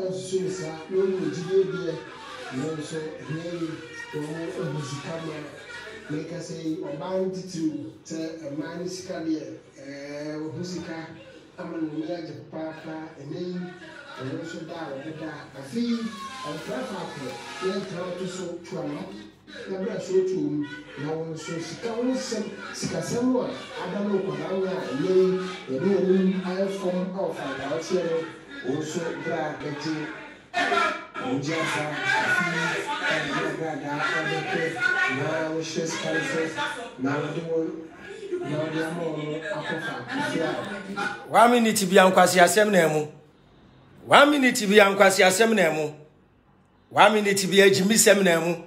nso sa na ɔmo gyidie deɛ na nso ɛnyɛ yi ɔmo ɛbu sika ma na kasa yi ɔbaa no sɛ mmaa no sika deɛ ɛɛ ɔho sika ama na ɔmo yagye paapa ɛnɛ yi ɔmo nso da a ɔmo da afei ɛntra faako na ntra ɔto so tu ano na bere so tu omu na wɔn nso sika wɔn nsɛm sikasɛm a ada no nkwadaa no a yi ɛnɛ yi ayɛ fam a ɔfa nkwadaa kyerɛ no. Ose braketi Njasa ọzọ Adeke Na wishes kalifes Na duwo Na yamoro akofa kufia One minute bi ankwasi asem na emu One minute bi ankwasi asem na emu One minute bi ejimi sem na emu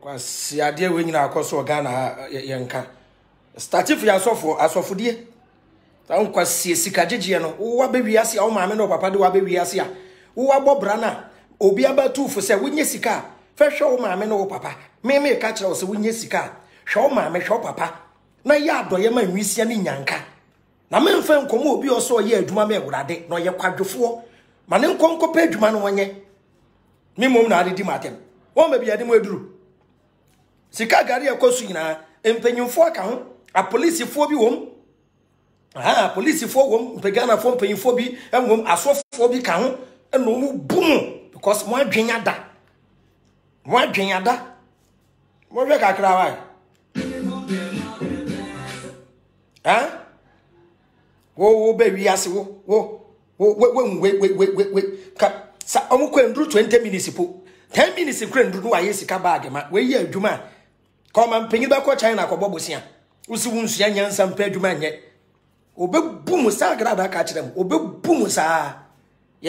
Kwasi adeɛ wei nyina akɔ Ghana ha yɛnka. Statifi saa nkwasie sika gyegyeɛ no wowɔ abɛwiase a wo maame ne ɔpapa de wɔ abɛwiase a wowɔ abɔ bra no a obi abɛtu fo sɛ wonyɛ sika a fɛ hwɛ wo maame ne wo papa meme ka kyerɛ wo sɛ wonyɛ sika a hwɛ wo maame hwɛ wo papa na yɛ adɔyɛ ma nwisia ne nyanka na memfa nkɔmɔ obi a ɔsɛ ɔyɛ adwuma ma awurade na ɔyɛ kwadwofoɔ ma ne nkɔ adwuma no wɔnyɛ me mmom na adedi mu atɛm wɔn baabi mu aduru sika gari ɛkɔ so nyinaa mpanyinfoɔ ka ho apolisifoɔ bi wɔ mu polisifoɔ wɔm ghanafoɔ mpanyinfoɔ bi wɔm asɔfoɔ bi ka ho ɛna wɔn bu mu because mo adwene ada mo adwene ada mo hwɛ kakra wa ɛn wo wo be wiase wo wo wo wo wo wo wo wo wo ka sa wɔn kɔ nduru twenty minutes po ten minutes kura nduru ayɛ sika baagi ma wɔyɛ adwuma kɔma mpanyin bɛ kɔ china kɔ bɔ bosia wosi wunsia nyansa mpɛ adwuma nyɛ obɛbu mu saa agradaa ka kyerɛ mu obɛbu mu saa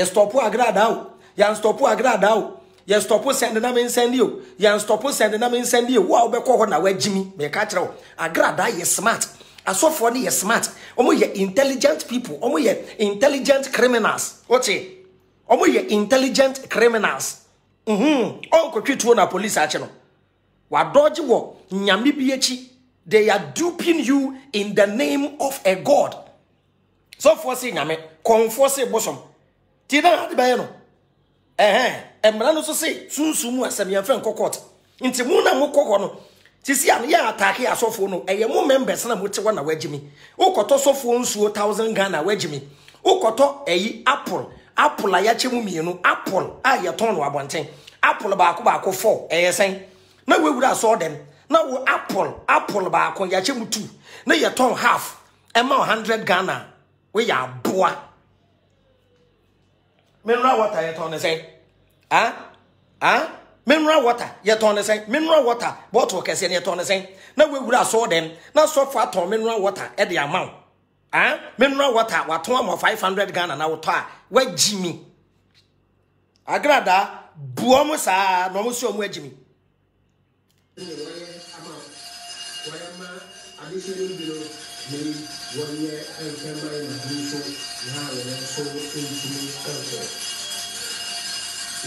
stopu agradaa o stopu agradaa o stopu sɛnde na me nsɛnde o stopu sɛnde na me nsɛnde o wo a wobɛkɔ hɔ na woagyi mi meka kyerɛ wo agradaa yɛ smart asɔfoɔ no ye smart ɔmo ye intelligent people ɔmo ye intelligent criminals wote ɔmo ye intelligent criminals ɔnkɔtwe mhm. tuo na polisi akyi no wadɔgye wɔ nyame bi akyi they are duping you in the name of a god so for say nyame konfo say bosom ti na ade no eh eh emra no so say sunsun mu asem yɛn fɛ nkɔ court nti mu na mu no ti si ano yɛ ataake asɔfoɔ no ɛyɛ mu members na mu te hɔ na wɔagye Ukoto wokɔtɔ sɔfoɔ nsuo thousand ghana wɔagye mi wokɔtɔ ɛyi apple apple a yɛakyɛ mu apple a yɛtɔn no abɔnten apple baako baako E ɛyɛ sɛn na wɔawura asɔɔ them na wo apple apple baako yɛakyɛ mu two na yɛtɔn half ɛma wo hundred ghana woyɛ aboa mineral water yɛtɔn ne sɛn ah ah mineral water yɛtɔn ne sɛn mineral water bottle kɛseɛ no yɛtɔn ne sɛn na woewura asɔɔ dɛm na sɔfo atɔn mineral water ɛde ama wo ah mineral water watɔn ama five hundred ghana na wotɔ a wagyi mi agradaa buom saa na ɔmo si ɔmo agyi mi adehyɛ no bi no yɛn wɔyɛ nkɛmma yɛ na ho nso ntumi nkɔ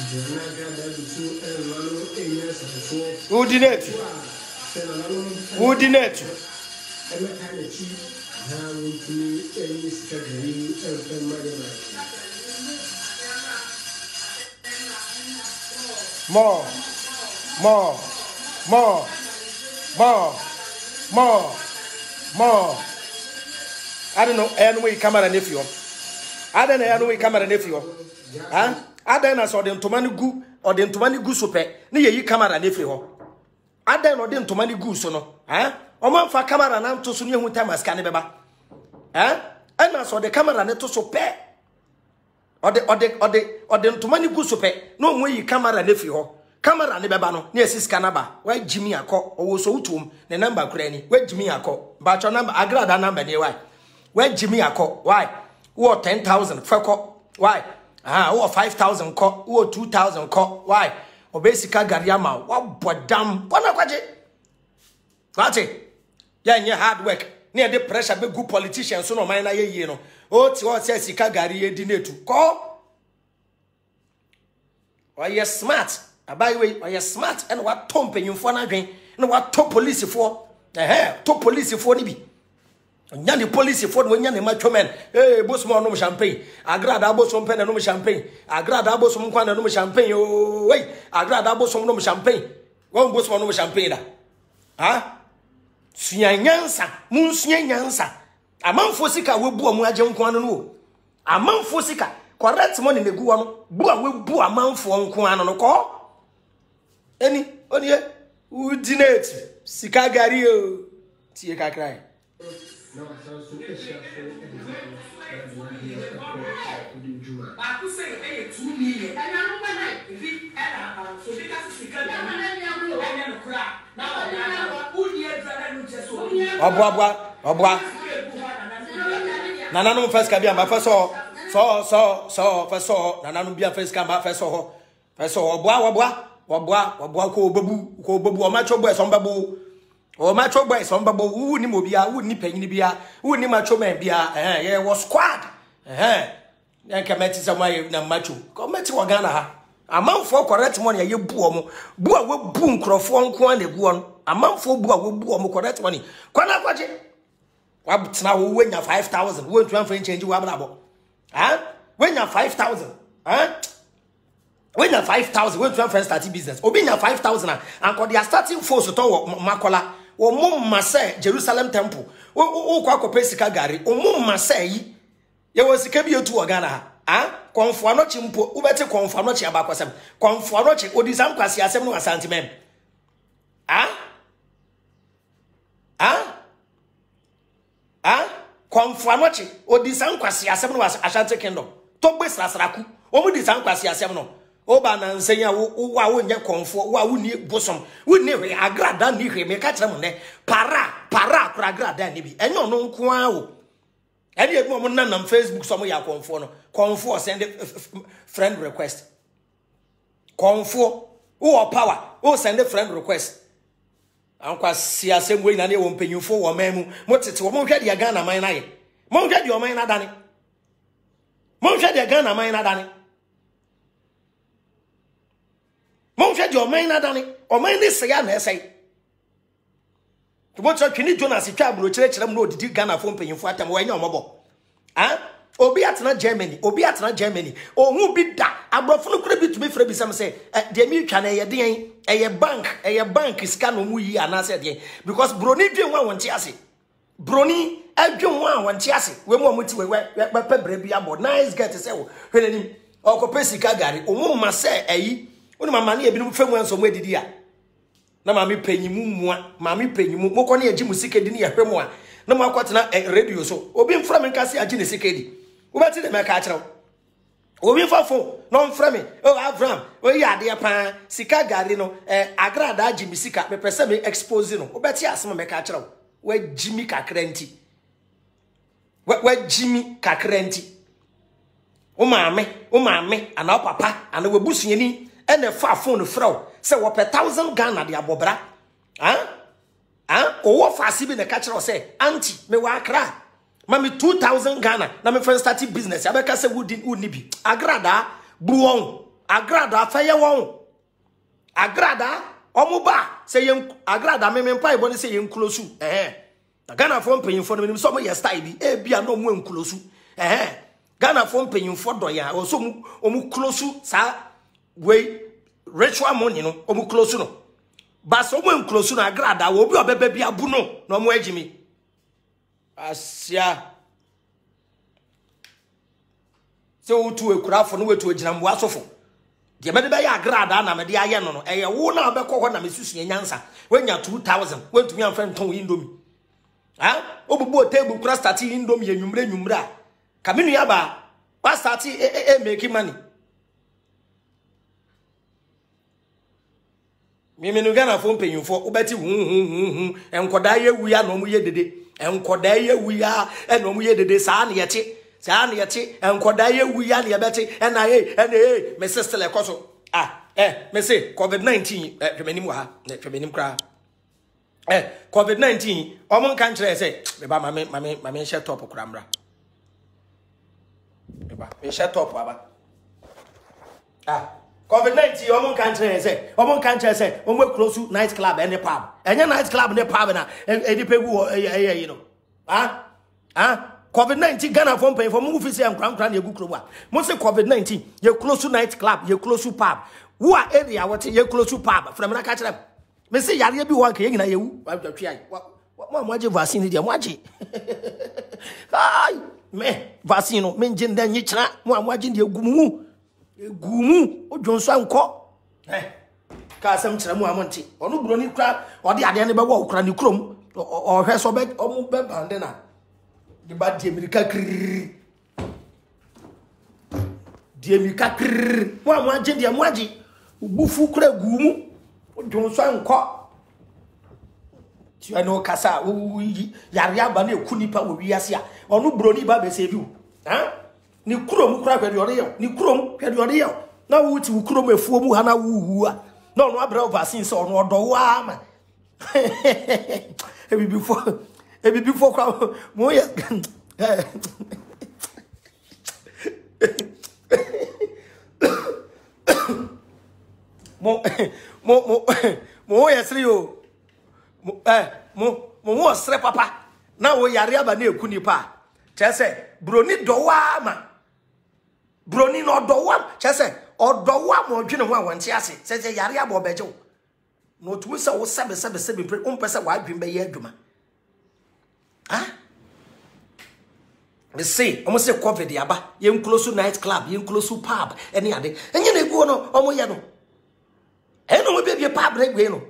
ìjọba agada dutu ɛnma no ɛnyɛ asafoɔ. wudi n'etu wudi n'etu. ɛmɛka n'akyi na wɔntumi ɛyɛ sika gari nkɛmma yɛ na. more more more more more more. I don't know, anyway, camera nephew. I don't know, anyway, camera nephew. Huh? I don't know, so the Ntomani gu, or the ni gu sope, near you camera nephew. I don't know, the Ntomani gu so no. Huh? Oman fa camera nam to sunye hun time And the camera Or the, or the, or the, or the gu no camera kamera ne bɛba no ne ɛsi sika naba wagyimi akɔ ɔwɔ so wotom ne namba kura ni wagyimi akɔ baatwa namba agrada namba ne wae wagyimi akɔ wae wowɔ ten thousand fɛ kɔ wae wowɔ five thousand kɔ wowɔ two thousand kɔ wae ɔbɛ sika gari ama wabɔ dam kwagye wate yɛnyɛ hard work ne pressure bɛgu politician so na ɔman na yɛ yie no ɔte hɔ sika gari yɛdi kɔ ɔyɛ smart abaayewa yi ɔyɛ smart ɛna watɔ mpanyinfoɔ n'adwen ɛna watɔ polisifoɔ ɛhɛn to polisifoɔ no bi ɔnya ne polisifoɔ no wɔnya ne ma twomɛn ee bosom a ɔnom champagne agradaa bosom pɛ na ɛnom champagne oh, agradaa bosom nkwa na ɛnom champagne ooo wei agradaa bosom nom champagne wɔn bosom ɔnom champagne da ha sua nyansa mu nsua nyansa amanfoɔ sika wobu ɔmo agye nkoa no no o amanfoɔ sika correct money na egu hɔ bu a wobu amanfoɔ nkoa no no kɔɔ eni onye udinet sika gari o ti tie kakra yi. ọbua bua ọbua nananum fẹ sika bi a ma fẹ sọ sọ sọ sọ fẹ sọ nananum bi a fẹ sika ma fẹ sọ họ fẹ sọ ọbua ọbua wɔboa wɔboa kɔ ɔbɛbu kɔ ɔbɛbu ɔmatwo boys ɔmbɛbu ɔmatwo boys ɔmbɛbu wowu ni mu bia wowu ni panyin bia wowu ni matwo man bia ɛhɛn yɛ wɔ squad ɛhɛn eh, eh. yɛn kɛmɛ ti sɛ mo ayɛ na macho kɔmɛ ti wɔ ghana ha amanfoɔ correct money yɛ bu ɔmo bu a wɔbu nkorɔfoɔ nko a na egu ɔno amanfoɔ bu a wɔbu ɔmo correct money kɔnɛ akɔgye wabutena wo wenya five thousand wo ntoma fɛn change wo abena bɔ ɛn wenya five thousand ɛn wey na five thousand wey twen first starting business obi nya five thousand a ankɔ their starting force tɔ wɔ makɔla wɔn mu mma sɛ jerusalem temple wɔn kɔ akɔpɛ sika gari wɔn mu mma sɛ yi yɛwɔ sika bi etu wɔ ghana ha ah kɔnfo anɔkye mpo wobɛte kɔnfo anɔkye abakɔsɛm kɔnfo anɔkye odi sam kwasi asɛm no asante mɛm ah ah ah kɔnfo anɔkye odi sam kwasi asɛm no asante kingdom tɔgbe srasraku wɔn mu di sam kwasi asɛm no. oba na yi a wo a wonyɛ kɔnfoɔ wo a wonni bosom wonni agrada para para akora agrada bi ɛnyɛ ɔno nko ara o ebi nanam facebook sɛ ya yɛ akɔnfoɔ no kɔnfoɔ send friend request kɔnfoɔ wowɔ power wo send friend request ankwasi asɛm na ne wɔ mpanyinfoɔ wɔ ɔman mu mo tete ghana man na yɛ mo deɛ ɔman na deɛ ghana man na monhwɛ di ɔman no adane ɔman ne sɛe na ɛsɛe tobɔkyerɛ twene jonas twa aburokyerɛkyerɛ mu na ɔdidi ghanafoɔ mpanyimfoɔ atam wɔanyɛ ɔmɔbɔ a obi atena germany obi atena germany ohun bi da aborɔfo no kura bi tumi fira bi sɛm sɛ ɛ deɛ mi twa no ɛyɛ deɛn ɛyɛ bank ɛyɛ bank sika na ɔmo yi anaasɛ deɛn because broni dwe ho a wɔn ti ase broni ho a wɔn ti ase wɔn mu a wɔn ti brɛ bi wone mama ne ebinom fa mu nso mu adidi a na maame panyimu mua maame panyimu mokɔ ne agye mu sika ne yɛhwɛ mu a na mo akɔtena eh, radio so obi mfra me nka se agye ne sika di wobɛte dɛ mɛka akyerɛ wo obi mfa fo na ɔmfrɛ me eh, o avram oyi adeɛ paa sika gari no ɛ agradaa agye me sika mepɛ sɛ me expose no wobɛte asɛm a mɛka akyerɛ wo wagyi mi kakra nti wagyi mi kakra nti wo maame wo maame anaa papa anaa wabusuani ɛna ɛfa phone frɛ wo sɛ wɔpɛ thousand ghana de abɔbra ah ah owó faase bi na ɛka kyerɛ wo sɛ aunty mewɔ akra mami two thousand ghana na mi fɛn start business abɛka sɛ wudi wudi bi agradaa bu wɔn agradaa fɛyɛ wɔn agradaa wɔn ba sɛ yɛn agradaa mímí mpa ìbọn sɛ yɛn nkulo su ɛhɛn na ghanafoɔ mpanyinfoɔ no mi sɛ wɔn yɛ style bi ebi a na wɔn nkulo su ɛhɛn ghanafoɔ mpanyinfoɔ dɔ yɛn a wɔn sɛ wɔn kulo su saa. we ritual money no omu close no but omu em close no agrada wo bi obebe bi abu no na omu ejimi asia se wotu ekurafo no wetu agyina mboa asofo de mede be ya agrada na mede aye no no eye wo na obekọ ho na mesusu nyansa wenya 2000 wentumi amfa nton indomi ha obubu table kura start indomi ye nwumre nwumre a ya ba wa start e, e, e, make money mímínú ghanafoɔ mpanyinfoɔ wobɛte huhuhuhu nkɔdaa yɛ wuya na ɔmo yɛ dede nkɔdaa yɛ wuya na ɔmo yɛ dede saa ne yɛte saa ne yɛte nkɔdaa yɛ wuya ne yɛbɛte ɛna ee ɛna ee mese sele kɔ so a ɛ mese covid nineteen ɛ twɛmɛ nim wɔ ha ɛ twɛmɛ nim koraa ɛ covid nineteen ɔmo nka nkyerɛ sɛ bɛba maame maame maame nhyɛ tɔp koraa mra bɛba nhyɛ tɔp aba a covid nineteen ọmọ nka nkyerɛ yẹn sɛ ọmọ nka nkyerɛ sɛ ọmọ ekuro so night club ɛne pub ɛnyɛ night club ne pub na ɛnipa egu wɔ ɛyɛ ɛyɛ yi no ha ha covid nineteen ghana fɔ mpanyinfo mu fi sɛ nkurankura na egu kurom a mo se covid nineteen yɛ kuro so night club yɛ kuro so pub wo a area wɔte yɛ kuro so pub fúnamina kakyerɛ mu mɛ se yareɛ bi wɔ anka yɛ nyina yɛ wu wa twɛ ayi wa mo a mo agye vaccine deɛ mo agye ayi mɛ vaccine no mɛ ngye ndan nyi kyerɛ mo a mo agye deɛ gu mu gumu odwo nso ankɔ ka asɛm kyerɛ mu amonte ɔno buroni kora ɔde adeɛ no bɛwɔ wokora ne kurom ɔhwɛ sɛ ɔmo bɛbande na de ba deɛ mirika kiriri deɛ mirika kiriri mo a mo agye deɛ mo agye bufu kora gumu odwo nso ankɔ tiwa ne kasa yareɛ aba no ɛku nipa wɔ wiase a ɔno buroni ba bɛsɛ bi wo Ni kurom kora hwɛ deɛ ɔde yɛw ne kurom hwɛ ɔde yɛw na wote wo kurom afuo mu ha na wowu a na ɔno abrɛ wo vaccine sɛ ɔno ɔdɔ wo ara ma ebibifoɔ kwa mo yɛ mo mo mo mo ho yɛ sere o mo ɛ mo mo ho ɔsere papa na wo yare aba na eku nipa kyerɛ sɛ buroni dɔ wo ara broni na ɔdɔ wam kyɛ sɛ ɔdɔ wam ɔdwene ho a wɔnte ase sɛ sɛ yare abɔ ɔbɛgye wo na ɔtumi sɛ wo sɛbesɛbesɛbe mpere wompɛ sɛ w'adwene bɛyɛ adwuma ha mese ɔmo sɛ covid aba yɛnkuro so night club yɛnkuro so pub ɛne ade ɛnyɛ na egu hɔ no ɔmo yɛ no ɛyɛ na ɔmo pub na eguie no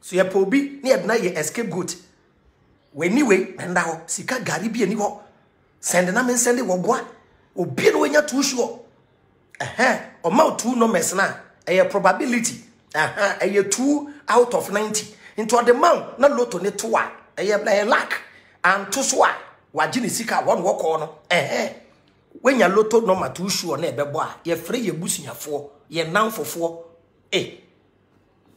so yɛpɛ obi ne yɛde yɛ escape goat w'ani wei na nda hɔ sika gari bi ani hɔ send na me send wɔboa obi na wɔnya two sure ɛhɛn ɔma two no na ɛyɛ probability ɛhɛn ɛyɛ two out of ninety nti ɔde ma na loto ne to a ɛyɛ ɛyɛ lack anto so a wagye ne sika wɔn wɔkɔɔ no ɛhɛn wɔnya loto number two sure na ɛbɛbɔ a yɛfrɛ yɛ busuafoɔ yɛ nanfofoɔ ɛ e,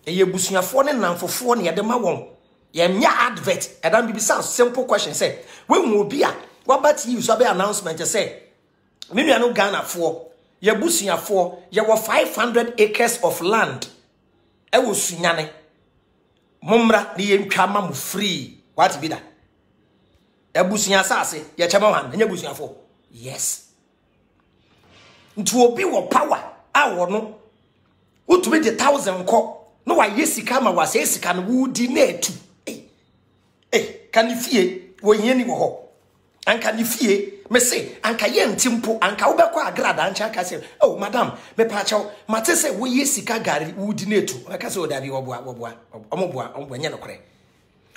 ɛyɛ busuafoɔ ne nanfofoɔ na yɛde ma wɔn yɛnyɛ advert ɛdan bibi sa simple question sɛ wɔn mu obi a. waba tv so abɛyɛ announcement sɛ me nua no ghanafoɔ yɛbusuafoɔ yɛwɔ 500 acres of land ɛwɔ mumra mommra ne yɛntwa ma mu free wate bi da abusua asase yɛkyɛ ma wan ɛnyɛ abusuafoɔ yes nti obi wɔ power a wɔ no wotumi di thousand kɔ na wayɛ sika ma wasɛe sika no wodi na atu eh, eh, kanifie wɔhia ni wɔ hɔ anka ne fie me se anka yɛ nti mpo anka wobɛkɔ agrada nkyɛ aka sɛ o oh, madam mepɛ akyɛw mate sɛ woyɛ sika gare wodi no ɛtu ɛka sɛ odabi wɔboa wɔboa ɔmoboa ɔmoboa nyɛ nokorɛ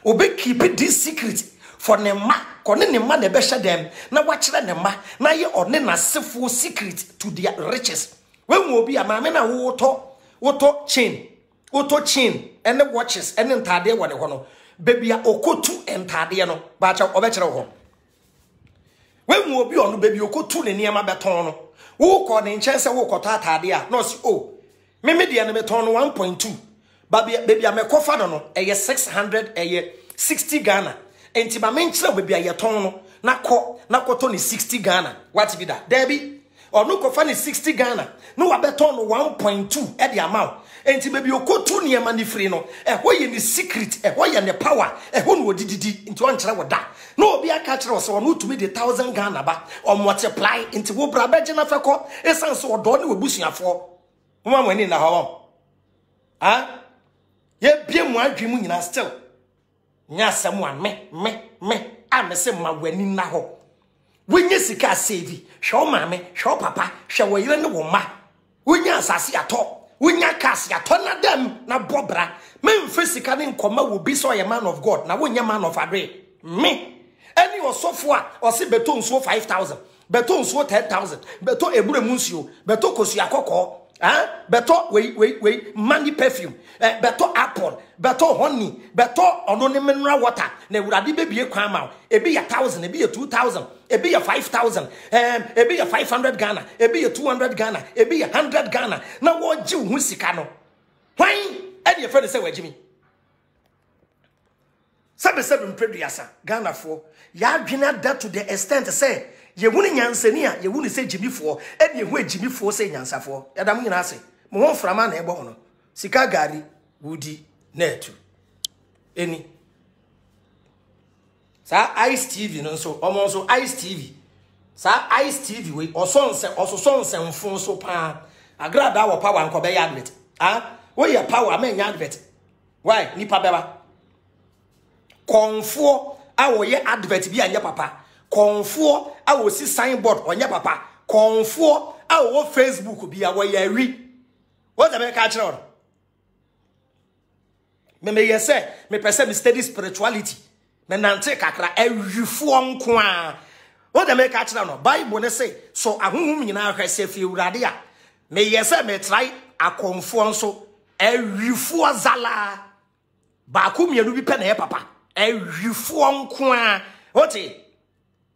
obɛkipe this secret for ne ma kɔne ne ma na ɛbɛhyɛ dɛm na wakyerɛ ne ma na yɛ ɔne n'asefoɔ secret to their riches wehu obi a maame na wotɔ wotɔ chain wotɔ chain ɛne watches ɛne ntaadeɛ wɔ ne hɔ no baabi a ɔkɔtu ntaadeɛ no baakyɛw ɔbɛkyerɛ wo hɔ wehu obi ɔno baabi ɔkɔtu ne nneɛma bɛtɔn no wokɔ ne nkyɛn sɛ wokɔtɔ atade a na ɔse o meme deɛ no bɛtɔn no 1.2 baabi a mɛkɔfa no no ɛyɛ 600 ɛyɛ 60 ghana nti ma menkyerɛ baabi a yɛtɔn no na kɔ na kɔtɔ ne sixty ghana wate bi da daabi ɔno kɔfa ne sixty ghana na wabɛtɔn no 1.2 ɛde ama wo nti baabi okotu nneɛma no firi no ɛhɔ yɛ ne secret ɛhɔ yɛ ne power ɛhɔ na wɔdididi nti ɔnkyerɛ wo da na obi aka kyerɛ wɔ sɛ ɔno wotumi de thousand ghana ba ɔmultiply nti wo bra bɛgye na fɛ kɔ ɛsiane sɛ ɔdɔ ne wabusuafoɔ moma mo ani na hɔ wɔm a yɛbie mu adwe mu nyinaa still nyɛ asɛm a me me me a me sɛ ma w'ani nna hɔ wonye sika asɛe bi hwɛ wo maame hwɛ wo papa hwɛ wɔ yere ne wo mma wonye asase atɔ wonya kaseatɔ na dɛm na bɔ bra memfe sika ne nkɔma wɔ bi sɛ ɔyɛ man of god na wonyɛ man of adoe me ɛne ɔsɔfoɔ a ɔse bɛtɔ nsuo 5000 bɛtɔ nsuo 10000 bɛtɔ ebure mu nsuo bɛtɔ kosua kɔkɔɔ Huh? Beto we we we money perfume. Eh, beto apple. Beto honey. Beto onone mineral water. Ne uradi baby kwan ma. Ebi a thousand. Ebi a two thousand. Ebi a five thousand. Um, ebi a five hundred Ghana. Ebi a two hundred Ghana. Ebi a hundred Ghana. Now what you who sika no. Why? Any friend say we Jimmy. Sabe sabe mpreduasa Ghana for. Ya adwene that to the extent say yɛwu ne nyansani a yɛwu ne sɛ gyimifoɔ ɛne yɛhu agyimifoɔ sɛ nyansafoɔ yɛda mo nyinaa ase mo ho mframa na ɛbɔ ho no sika gari wudi na ɛtu ɛni saa ice tv no nso ɔmo nso ice tv saa ice tv wei ɔsɔnsɛ ɔsosɔnsɛnfo so paa agradaa wɔ power nkɔbɛyɛ advert ah woyɛ power ama ɛnyɛ advert why nipa bɛba kɔnfoɔ a wɔyɛ advert bi a nyɛ papa kɔnfoɔ a wɔsi signboard ɔnyɛ papa kɔnfoɔ a wɔwɔ facebook bi a wɔyɛ awi wɔdze bɛ ka kyerɛ wɔn mmemme yɛ sɛ mepɛ sɛ me steady spirituality me nante kakra awifoɔ nko a wɔdze bɛ ka kyerɛ no bible ne se so ahohom nyinaa hwɛ sɛ fi awurade a meyɛ sɛ metrae akɔnfoɔ nso awifoɔ zalaa baako mmienu bi pɛ na yɛ papa awifoɔ nko a wɔte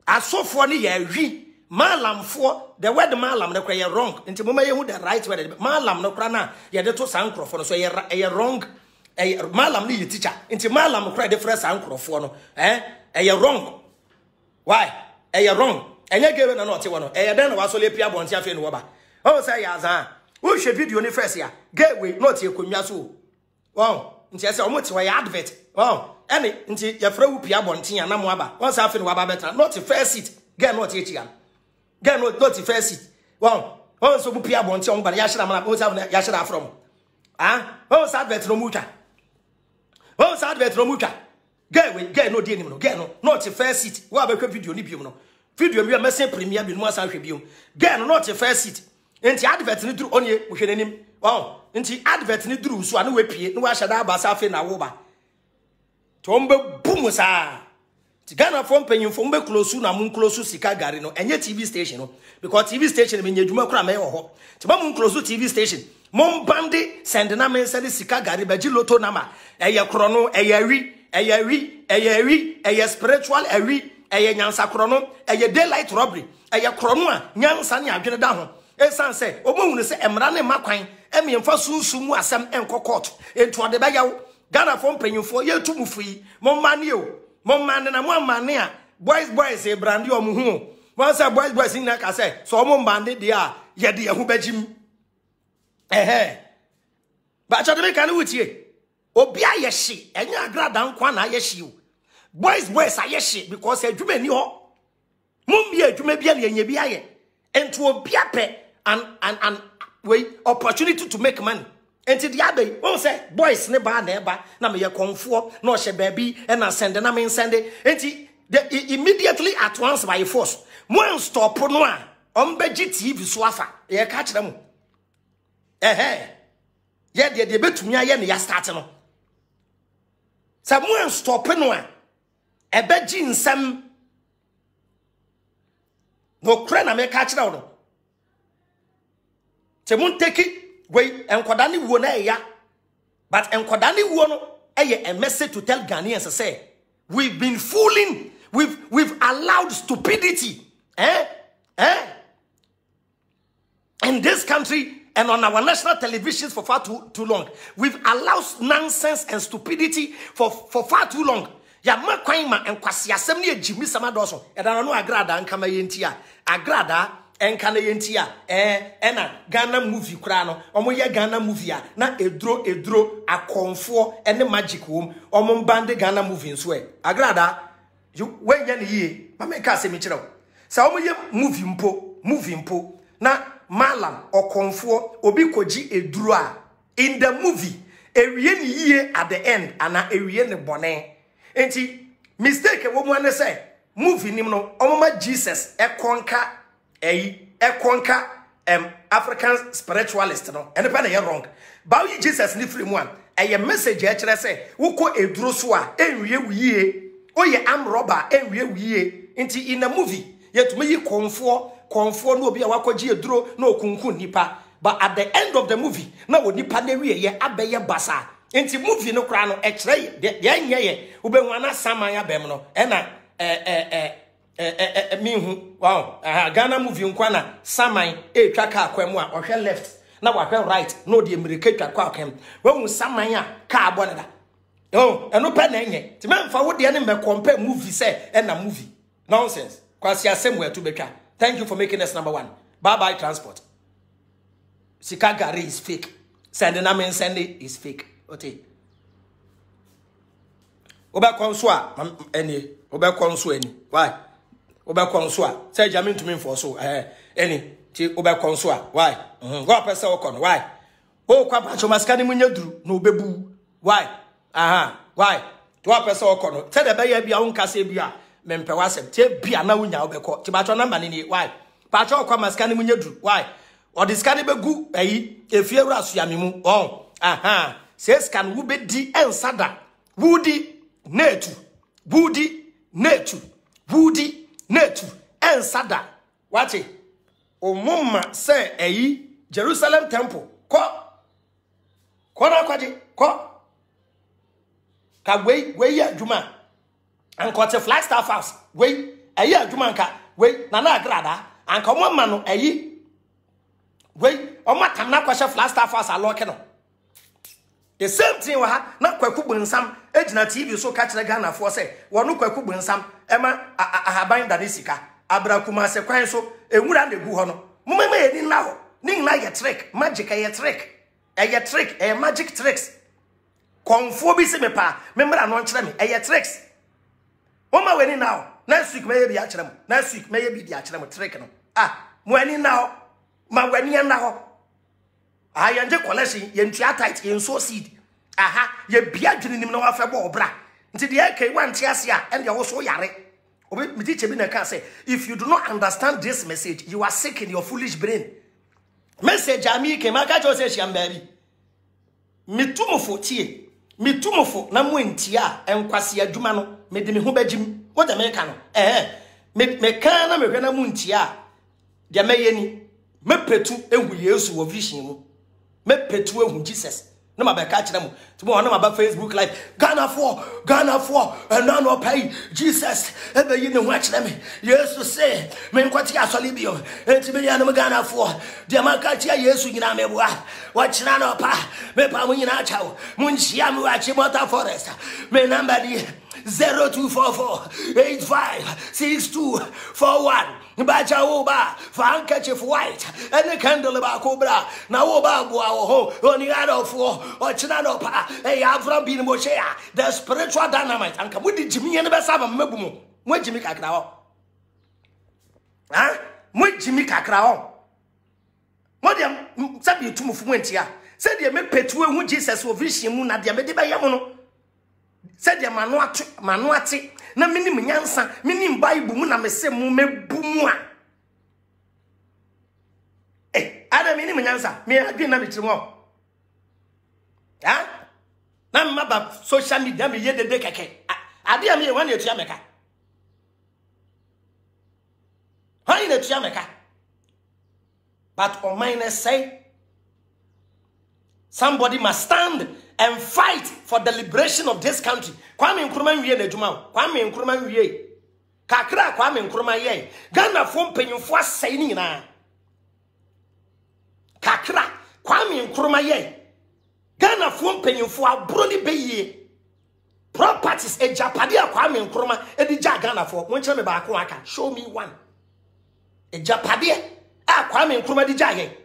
asɔfoɔ no yɛ awi maalamfoɔ the word malam no kwa yɛ wrong nti moma yɛhu the right word Malam no kwa na a yɛde to saa nkurɔfoɔ no so ɛyɛ ɛyɛ wrong ɛyɛ maalam no yɛ teacher nti malam no kora yɛde frɛ saa nkurɔfoɔ no ɛɛ eh? ɛyɛ wrong why ɛyɛ wrong ɛnyɛ gebe na na ɔte wɔ no ɛyɛ dɛn na wasɔle epi abɔnten afei na wɔba ɔwɔ sɛ ɛyɛ azan wohwɛ video ne fɛs ya gebe na ɔte akonnwa so Wow. nti ɛsɛ wɔn te hɔ yɛ advert wow any nti yɛfrɛ wo pia abɔnten a na mo aba wɔn saa afei na waba abɛtena not first seat Get not ekyia Get not not first seat wow wɔn so mo pia abɔnten a wɔn ba na yɛahyɛ na mana wɔn saa yɛahyɛ na afrɛ mo ah wɔn saa advert na wɔn mu twa wɔn saa advert na wɔn mu twa Get no di anim no girl no not first seat wɔn a bɛhwɛ video ni biom no video bi a mɛsɛn premier bi no asan hwɛ biom girl no not first seat nti advert ni onye. ɔnie wɔhwɛ n'anim wow nti advert ni duru nso a ne wɔapie ne wɔahyɛ na aba saa afei na awoba nti wɔn bɛ bu mu saa nti ghanafoɔ mpanyinfoɔ wɔn bɛ kulosu na mu nkulosu sika gari no ɛnyɛ tv station no because tv station mi nyɛ edwuma kora mɛ wɔ hɔ nti bɛ mu nkulosu tv station mo mbande sɛndina mi nsɛn sika gari bɛgye loto nama ɛyɛ korɔ no ɛyɛ ɛwi ɛyɛ ɛwi ɛyɛ ɛwi ɛyɛ spiritual ɛwi ɛyɛ nyansa korɔ no ɛyɛ daylight robbery ɛyɛ korɔ no a nyansa ni adwene da ho ɛsan sɛ wɔn mu hunu sɛ mmara ne mma kwan ɛmiɛnfa sunsun mu asɛm ɛnkɔ court nti ɔde bɛyaw ghanafoɔ mpanyimfoɔ yɛtu mu firi mommane o mommane na moamane a boys boys eh, brande ɔmo o o wọn sɛ boys boys nyinaa ka so sɛ ɔmo mmane deɛ a yɛde yɛn ho bɛgye mu ɛhɛ bàtchɛ de mi ka ne wotie obi ayɛ hye ɛnyɛ agrada nkwa na ayɛ hye o boys boys ayɛ hye because adwuma ni hɔ mo mmea adwuma bi a na yɛnyɛ bi ayɛ nti obi apɛ an an an wei opportunity to make money nti di abɛyi wɔn sɛ boys ne baa na ɛba na meyɛ kɔnfoɔ na ɔhyɛ baabi ɛna sɛnde na mensɛnde nti de immediately at once by force mo nstɔpo no a ɔmo bɛgye tv so afa e yɛ ka kyerɛ mo ɛhɛn yɛ deɛ deɛ betumi ayɛ ne yastart no sɛ mo nstɔpo no a ɛbɛgye nsɛm na okura na meka kyerɛ wo no sɛ mo nteki. wei nkwadaa ne wuo na ɛya but nkwadaa ne wuo no ɛyɛ a message to tell ghanaians "Say, we've been fooling we've we've allowed stupidity eh eh in this country and on our national televisions for far too, too long. We've allowed nonsense and stupidity for, for far too long. Ya kwaima ma kwasi asemni e jimi sama doso. Edana no agrada ankama yentia. Agrada ɛnka na yɛn ti a ɛɛ eh, ɛna eh, ghana movie koraa no wɔn yɛ ghana movie a na eduro eduro akɔnfoɔ ɛne magic wɔm wɔn de ghana movie nso yɛ eh. agrada wɔnyɛ ne yie maame nka asɛm kyerɛw sɛ wɔn yɛ movie mpo movie mpo na malam ɔkɔnfoɔ obi kɔgye eduro a in the movie ewie ne yie at the end ana ewie ne bɔnɛ nti mistake e wɔn mu ɛne sɛ movie nim no wɔn ma jesus ɛkɔnka. E ɛyi ɛkɔnka ɛm african spiritualist no ɛne pɛ na ɛyɛ wrong baawu jesus ni firi mu a ɛyɛ message ɛkyerɛ sɛ wokɔ eduro so a ɛnwie wuyie oyɛ am rɔba ɛnwie wuyie nti in a movie yɛtumi yi kɔnfoɔ kɔnfoɔ na obi a wakɔgye eduro na okunkun nipa but at the end of the movie na wo nipa na ewie yɛ abɛyɛ basa nti movie no koraa no ɛkyerɛ yɛ deɛ ɛnyɛ yɛ wobɛnwa na saman abɛm no ɛna ɛɛ ɛɛ. Eh, eh, eh, mihu wow ghana movie nkwa na saman etwa kaa kwan mu a ɔhwɛ left na wahwɛ right na ɔde mmirika twa kaa kwan mu wɔn saman a kaa bɔ ne da oh, ɛno pɛ na ɛnyɛ te mɛ nfa wo deɛ ne mɛ kɔmpɛ movie sɛ ɛna movie nonsense kwasi asɛm wɔ ɛto bɛtwa thank you for making us number one bye bye transport sika gari is fake sɛnde na mi nsɛnde is fake ɔte wobɛkɔ nso a mm, mm, ɛnie wobɛkɔ nso ɛni why wobɛkɔ nso a sɛ gya mentumi mfɔ so ɛɛ ɛni ti wobɛkɔ nso a wae wɔn apɛ sɛ wɔkɔ no wae wɔn kɔ apakyɛ wɔn asika ne mu nyɛ duru na obebu wae aha wae ti wɔn apɛ sɛ wɔkɔ no sɛdeɛ bɛyɛ bi a wɔn nkasa bi a mɛmpɛ wasɛm tie bi a na wonya wobɛkɔ ti pakyɛ namba ne nie wae pakyɛ wɔkɔ ama sika ne mu nyɛ duru wae ɔde sika ne bɛgu ɛyi efie wura soyame mu ɔn aha sɛ sika no di ɛnsa da wudi na etu wudi na etu wudi. netu ensada wachi umumma se eyi jerusalem temple kọ kọ na kwaji kọ ka wee yi ya juma anko te wee eyi adwuma nka wee na na agrada anka ọmọ mma no eyi wei ọmọ atam na akwahyɛ flagstaff house alɔɔke the same thing wɔ ha na kwaku bu nsam ejina tv so ka kyerɛ ghana foɔ sɛ wɔn kwaku nsam ɛma ahaban da ne sika abirakumase kwan so ewura na egu hɔ no mmɛma yɛ ni nna hɔ ne nyinaa yɛ trik magic ɛyɛ trik ɛyɛ trik ɛyɛ magic tricks kɔnfuo bi si mi paa mmɛmira no nkyerɛ mi ɛyɛ tricks wɔn ma wɔ ni nna hɔ next week mɛyɛ bi akyerɛ mu next week mɛyɛ bi di akyerɛ mu trik no a mo ani na hɔ ma wɔ ani na hɔ ah yɛn gye collection yɛn tua tight yɛn sow seed. aha yɛbia dwene nim na wafɛ bɔ ɔbra nti deɛ ɛka wante ase a ɛne ɛwo so me metekyɛ bi na ɛka sɛ if you do not understand this message you are sick in your foolish brain message a meyike maka kyɛw sɛ ahyiam baabi metu mofo tie metu mofo mo moantie a ɛnkwase adwuma no mede me ho bɛgyim wode meka no ɛɛ meka na mehwɛ na montie a deɛ mɛyɛ ni mɛpɛtu ehu yesu wɔ vision mu mɛpɛtu ehu jesus na mabɛka kyerɛ mu nti wɔn na maba facebook live ghanafoɔ ghanafoɔ and na no pay. jesus ɛbɛyi ne to akyerɛ me yesu se menkɔte asɔre bio enti me nuanom ghanafoɔ deɛ maka kyerɛ yesu nyinaa meboa wɔkyerɛ na ɔpa mepa mo nyinaa kyɛw monhyia ah. me wɔ akyi mɔta forest me namba nie 0244 85 62 41 bacha wo ba fa handkerchief white ɛne candle baako bra na woba ba aboa wɔ ho oniadɔfoɔ ɔkyena dɔ pa ɛyɛ afra bi no mɔhyɛ a the spiritual dynamite anka mode gyimiɛ no bɛsa ma mmabu mu moagyimi kakra hɔ moagyimi kakra hɔ modeɛ sɛdeɛ tumufo mu antia sɛdeɛ mepɛtuo hu jesus wɔ vision mu na deɛ mede bɛyɛ mo no sɛdeɛ m'ano ate na menim nyansa menim bible mu na mese mu mɛbu mu a eh, ada menim nyansa di na mekyiri hɔ na mma ba social media meyɛ dede kɛkɛ ade a meyɛ hɔ ne atua mɛka hɔ ne atua mɛka but ɔman no sɛe somebody must stand and fight for the liberation of this country. Kwame Nkrumah nwie na adwuma wo. Kwame Nkrumah nwie. Kakra Kwame Nkrumah yɛ. Ghana fo mpanyinfo asɛe ne na. Kakra Kwame Nkrumah yɛ. Ghana fo mpanyinfo aburo ne bɛyie. Properties ejapade a Kwame Nkrumah edi gya Ghana fo. Wɔn kyerɛ me baako aka. Show me one. Ejapade a Kwame Nkrumah di gya yɛ.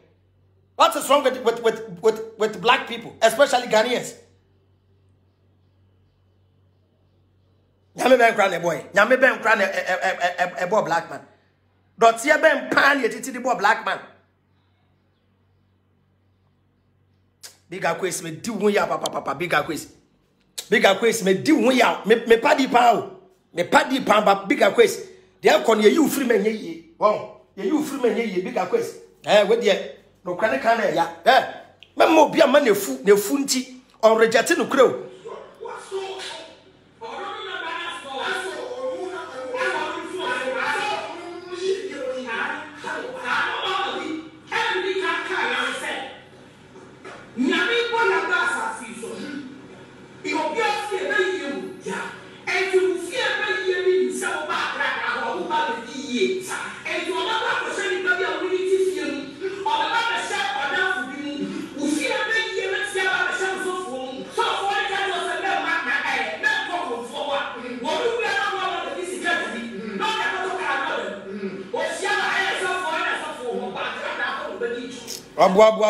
What is wrong with, with, with, with, with black people, especially Ghanaians? nyame bɛn kora na ɛbɔ a nyame bɛn kora na ɛbɔ black man dɔteɛ bɛn pan na yɛtiti the boy black man biga quiz me di wo yaw papapapa biga kwesi biga quiz me di wo yaw me me pa di paa me pa di paa ba quiz. kwesi deɛ kɔ no yɛyi wo firi ma nyɛ yie ye yɛyi wo firi ma ye yie biga kwesi ɛɛ wo deɛ okura ne kan na ɛya ɛ eh, mɛma obi a ma n'efu n'efu nti ɔregyɛte no kura o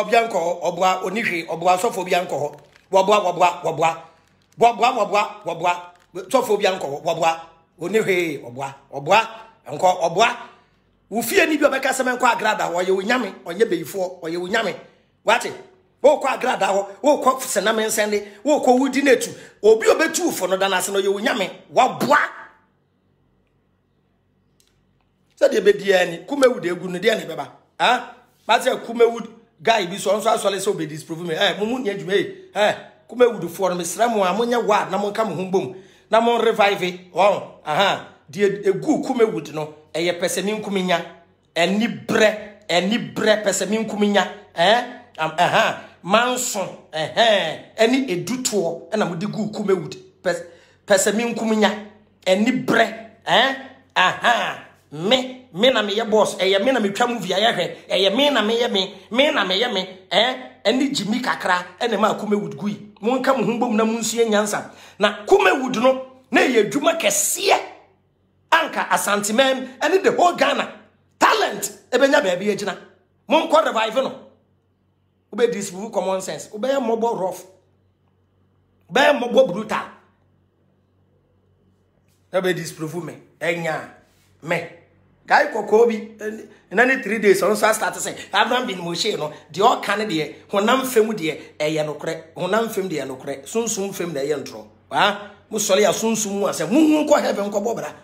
ɔboa obi ankɔ hɔ ɔboa onihwe ɔboa sɔfo bi ankɔ hɔ wɔboa wɔboa wɔboa wɔboa wɔboa wɔboa sɔfo bi ankɔ hɔ wɔboa onihwe ɔboa ɔboa nkɔ ɔboa wofie ni bi ɔbɛka sɛmɛ nkɔ agrada ɔyɛ onyame ɔnyɛ beyifoɔ ɔyɛ onyame wate wokɔ agrada hɔ wokɔ siname nsɛnde wokɔ wudi n'etu obi obetu ufo no dan ase no ɔyɛ onyame wɔboa sɛdeɛ bɛdi ɛni kumewu de egu no deɛ ne bɛba ah bate kumewu guy bi so ɔno nso asɔre sɛ obedi disprove me ɛ eh, mo mu nyɛ adwuma yi ɛ eh, kuma ewudufoɔ no mesrɛ mo a wa na monka mo ho mbom na mo revive wɔn aha deɛ egu kuma ewud no ɛyɛ pɛsɛ mi nkumi nya ɛni brɛ ɛni brɛ pɛsɛ mi nkumi nya Eh. ɛhɛn manson Eh ɛni edutoɔ ɛna mo de gu kuma ewud pɛsɛ mi nkumi nya ɛni brɛ ɛ eh, ɛhɛn. me me na meyɛ boss ɛyɛ me na metwa movie ayɛ hwɛ ɛyɛ me na meyɛ me me na meyɛ me ɛn ɛne gyimi kakra ɛna ma kumewood gui monka mo ho bom na monsua nyansa na kumewood no na ɛyɛ adwuma kese, anka asantemam ɛne the whole ghana talent ɛbɛnya baabi agyina monkɔ revive no wobɛdi sibu common sense wobɛyɛ mmɔbɔ rough wobɛyɛ mmɔbɔ brutal na wobɛdi sibu me ɛnya me guy kɔkɔɔ bi na ne three days ɔno nso asate sɛ abraham bin moshe no deɛ ɔka ne deɛ honam fam deɛ eh, ɛyɛ nokorɛ honam fam deɛ nokorɛ sunsun fam deɛ ɛyɛ ntorɔ waa musɔre a sunsun mu asɛ muhu nkɔ heaven nkɔ bɔ bra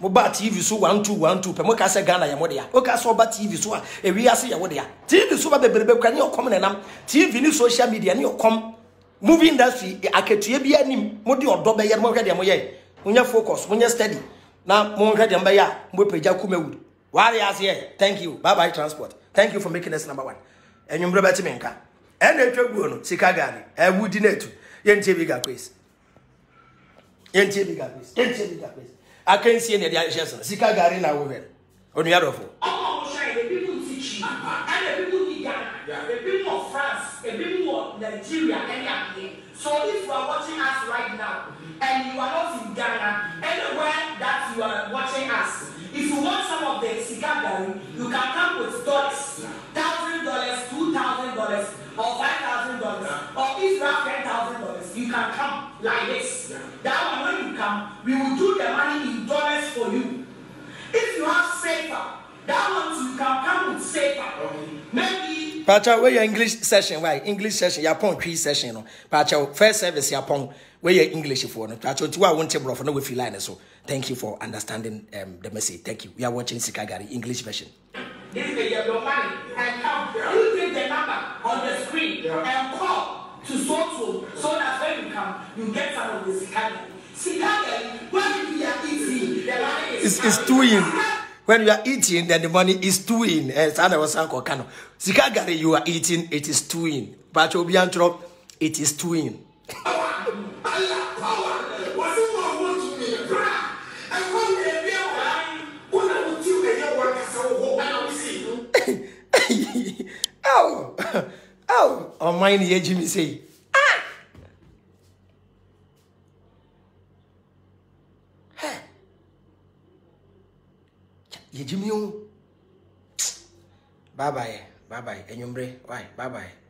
mo ba tv so one two one two pɛ mo ka sɛ ghana yɛ mo dea o ka sɛ ɔba tv so a ewiase yɛ wo dea tv so ba bebrebe kura ne yɛ kɔm nam, tv ne social media ne yɛ kɔm movie industry e akatua bi anim mo de ɔdɔ bɛyɛ mo hwɛ deɛ mo yɛ mo nyɛ focus mo nyɛ steady. na ya de mbaya mbepeja kumewood wari asie thank you bye bye transport thank you for making us number 1 enyumbre betime nka ena etwa egwu no sika gani ewu di na etu ye ntie bi ga kwes ye ntie bi ga kwes ye bi ga kwes akansie ne de ahye sika gari na wo hwe onu ya alone, you can come with dollars, thousand dollars, two thousand dollars, or five thousand dollars, or have ten thousand dollars. You can come like this. That one, when you come, we will do the money in dollars for you. If you have safer, that one you can come with safer. Maybe. Pacha, where your English session? Why English session? Your pre session. No? Pacha, first service. Your point. English englishfoɔ no twatwo nti wo a wonte borɔfo na wɔfiri line so thank you for understanding um, the message thank you we are watching sikagari english version this is the money and come you take the number on the screen and call to so so that when you come you get some of the sikagari sikagari when we are eating the money is it's, it's in when you are eating then the money is too in eh saa na wɔsan kɔ ka no sikagari you are eating it is too in baatwa obi antwerɛ it is too in. ɔman my yɛgye me sei yɛgye me bye. babaeɛ babaeɛ anwummerɛ bye bye.